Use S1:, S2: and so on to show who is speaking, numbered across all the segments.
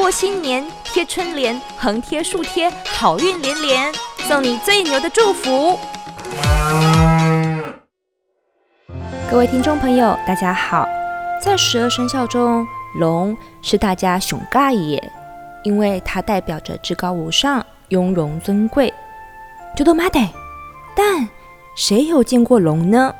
S1: 過新年，貼春聯，橫貼豎貼，好運連連，送你最牛的祝福。各位聽眾朋友，大家好。在十二生肖中，龍是大家熊嘎爺，因為它代表着至高無上、雍容尊貴。就都媽得，但誰有見過龍呢？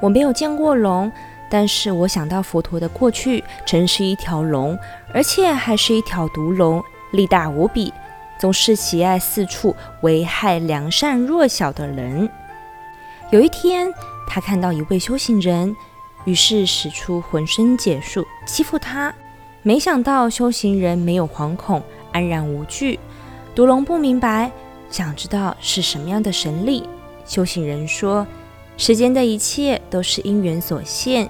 S1: 我沒有見過龍。但是我想到佛陀的過去，曾是一條龍，而且還是一條毒龍，力大無比，總是喜愛四處危害良善弱小的人。有一天，他看到一位修行人，於是使出渾身解數欺負他。沒想到修行人沒有惶恐，安然無懼。毒龍不明白，想知道是什麼樣的神力。修行人說：世間的一切都是因緣所現，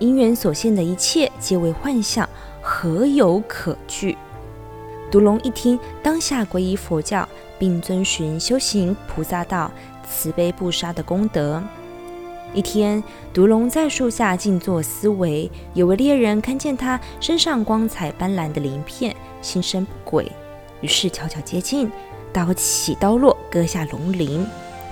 S1: 因緣所現的一切皆為幻象，何有可懼？毒龍一聽，當下皈依佛教，並遵循修行菩薩道、慈悲不殺的功德。一天，毒龍在樹下靜坐思維，有位獵人看見他身上光彩斑斕的鱗片，心生不軌，於是悄悄接近，刀起刀落，割下龍鱗。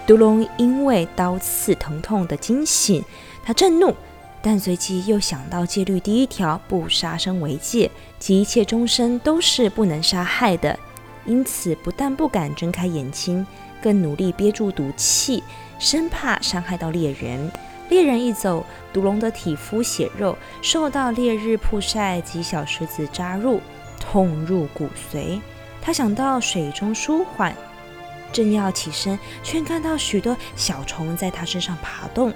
S1: 毒龍因為刀刺疼痛的驚醒，他震怒，但隨即又想到戒律第一條“不殺生”為戒，即一切眾生都是不能殺害的，因此不但不敢睜開眼睛，更努力憋住毒氣，生怕傷害到獵人。獵人一走，毒龍的體膚血肉受到烈日曝曬及小石子扎入，痛入骨髓。他想到水中舒緩。正要起身，卻看到許多小蟲在他身上爬動，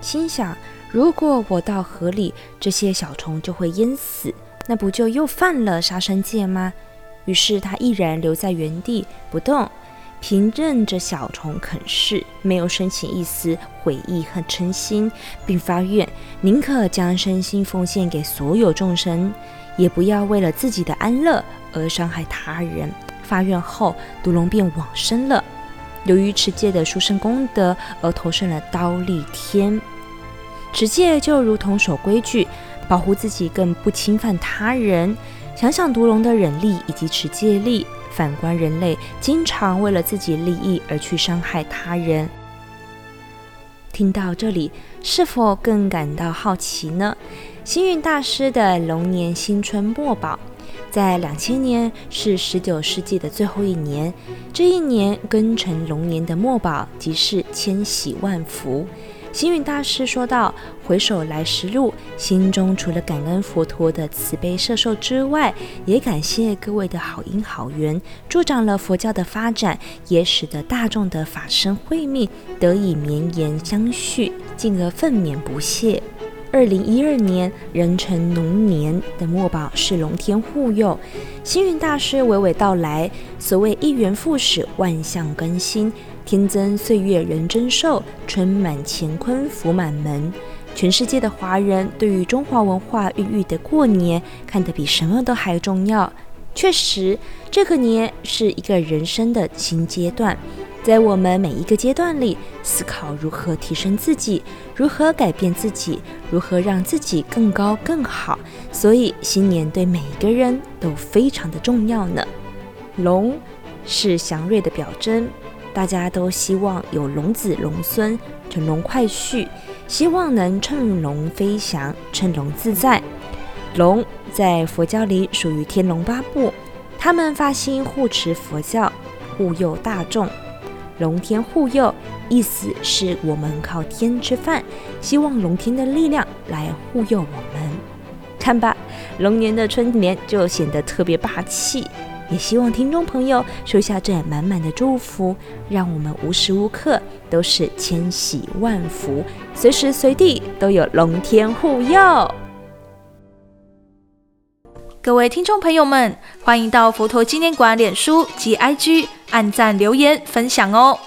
S1: 心想：如果我到河裡，這些小蟲就會淹死，那不就又犯了殺生戒嗎？於是他毅然留在原地不動，憑任着小蟲啃噬，沒有生起一絲悔意和嗔心，並發願：寧可將身心奉獻給所有眾生，也不要為了自己的安樂而傷害他人。發願後，毒龍便往生了。由於持戒的殊勝功德，而投生了忉利天。持戒就如同守規矩，保護自己，更不侵犯他人。想想毒龍的忍力以及持戒力，反觀人類，經常為了自己利益而去傷害他人。聽到這裡，是否更感到好奇呢？星雲大師的龍年新春墨寶。在兩千年，是十九世紀的最後一年，這一年庚辰龍年的墨寶即是千禧萬福。星雲大師說道：“回首來時路，心中除了感恩佛陀的慈悲攝受之外，也感謝各位的好因好緣，助長了佛教的發展，也使得大眾的法身慧命得以綿延相續，進而奮勉不懈。”二零一二年壬辰龍年的墨寶是“龍天護佑”，星雲大師娓娓道來：“所謂一元復始，萬象更新，天增歲月人增壽，春滿乾坤福滿門。”全世界的華人對於中華文化孕育的過年，看得比什麼都還重要。確實，這個年是一個人生的新階段。在我們每一個階段裡，思考如何提升自己，如何改變自己，如何讓自己更高更好。所以新年對每一個人都非常的重要呢。龍是祥瑞的表徵，大家都希望有龍子龍孫，乘龍快婿，希望能乘龍飛翔，乘龍自在。龍在佛教裡屬於天龍八部，他們發心護持佛教，護佑大眾。龍天護佑，意思是我們靠天吃飯，希望龍天的力量來護佑我們。看吧，龍年的春聯就顯得特別霸氣。也希望聽眾朋友收下這滿滿的祝福，讓我們無時無刻都是千喜萬福，隨時隨地都有龍天護佑。各位聽眾朋友們，歡迎到佛陀紀念館臉書及 IG。按讚、留言、分享哦！